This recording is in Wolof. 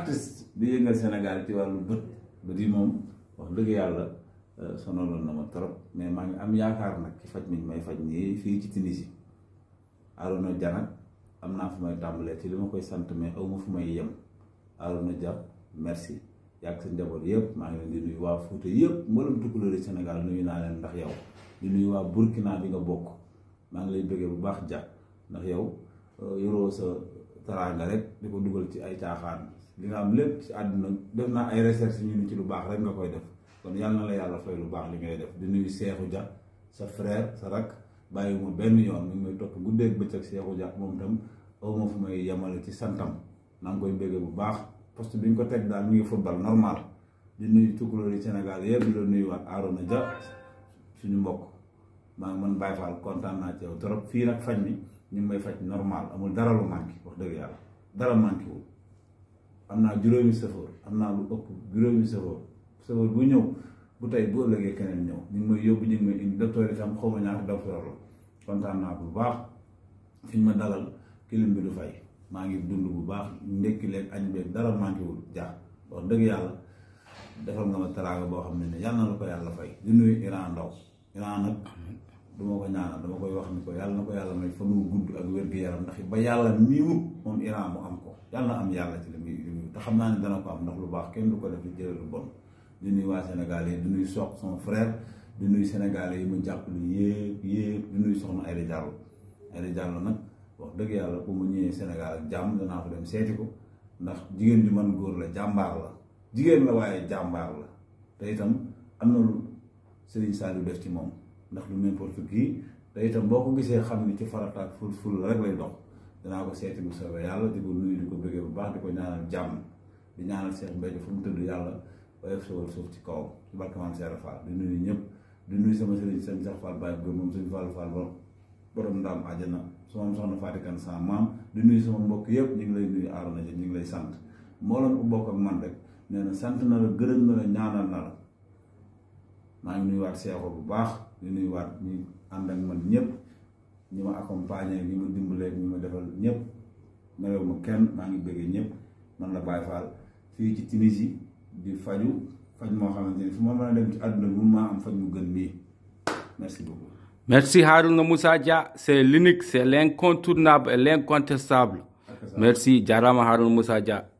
artiste di yëngal Sénégal ci wàllu bët bët yi moom wax dëgg yàlla euh, sonaloon na ma trop mais maa ngi am yaakaar nag ki faj mi may faj nii fii ci Tunisie Arona Dia nag am naa fu may tàmbalee ci li ma koy sant mais aw ma fu may yem Arona Dia merci yàgg sa njaboot yëpp maa ngi leen di nuyu waa Fuuta yëpp mboolem tukkuleeri Sénégal nuyu naa leen ndax yow di nuyu waa Burkina bi nga bokk maa ngi lay bëggee bu baax ja ndax yow euh, yoroo sa teraanga rek diko duggal ci ay caaxaan li nga am lepp ci aduna def na ay recherche ñu ni ci lu baax rek nga koy def kon yalla na la yalla fay lu baax li ngay def di nuyu cheikhou dia sa frère sa rak bayu ma benn yoon mi ngi may topp guddeeg bëccëg cheikhou dia mom tam aw mo fu may yemale ci santam nang koy bégge bu baax poste biñ ko tek daal mi ngi football normal di nuyu tukulo yi Sénégal yëpp di nuyu wat arona dia suñu mbokk ma ngi mën Baye Fall kontaan na ci yow trop fi nak fagn mi ñu may faj normal amul dara lu wax dëgg yàlla dara manqué am naa juróomi sëfoor am naa lu ëpp juróomi sëfoor sëfoor bu ñëw bu tey bu ëllëgee keneen ñëw ñu ngi may yóbbu ñu ngi may indi docteur itam xaw ñaata docteur la kontaan naa bu baax fi ma daral kilim bi du fay maa ngi dund bu baax ndekki leen añ beeg dara manqué wul jaax wax dëgg yàlla defal nga ma taraanga boo xam ne ne yàlla na la ko yàlla fay di nuyu Iran Ndaw Iran nag duma ko ñaanal dama koy wax ni ko yàlla na ko yàlla may fa mu gudd ak wér-gu-yaram ndax ba yàlla mii wut moom Iran mu am ko yàlla na am yàlla ci li muy te xam naa ne dana ko am ndax lu baax kenn du ko def jëlee lu bon di nuyu waa Sénégal yi di nuyu sox yi mu jàppale yépp yépp di nuyu soxna Aïda nag wax dëgg yàlla bu mu ñëwee Sénégal ak jàmm danaa ko dem seeti ko ndax jigéen ju man góor la jàmbaar la jigéen la waaye jàmbaar la te itam am na lu Serigne Saliou def ci moom ndax du n'importe qui te itam boo ko gisee xam ni ci farataak ful ful rek lay dox danaa ko seeti bu soobee yàlla di ko nuyu di ko bëggee bu baax di ko ñaanal jàmm di ñaanal Cheikh Mbéthio fu mu tëdd yàlla woyof sowal suuf ci kaw ci barke Maam Cheikh Fall di nuyu ñëpp di nuyu sama sëriñ seen Cheikh Fall Baye Gëm moom sëñ Fall Fall borom ndaam àjjana sama am soxna Fatikan sa maam di nuyu sama mbokk yëpp ñu ngi lay nuyu aarona ji ñu ngi lay sant mbooloo mu bokk ak man rek sant na la gërëm na maa ngi nuyuwaat Seexu bu baax di nuyuwaat ñu ànd ak man ñëpp ñi ma accompagner ñi ma dimbalee ñi ma defal ñëpp nawew ma kenn maa ngi bëggee ñëpp man la Baye Fall fii ci Tunisie di faju faj moo xamante ni fu ma mën a ci àdduna bi mun maa am faj mu gën nii merci beaucoup. merci Harouna Moussa Dia c'est l'unique c'est l'incontournable et l'incontestable merci jaarama Harouna Moussa Dia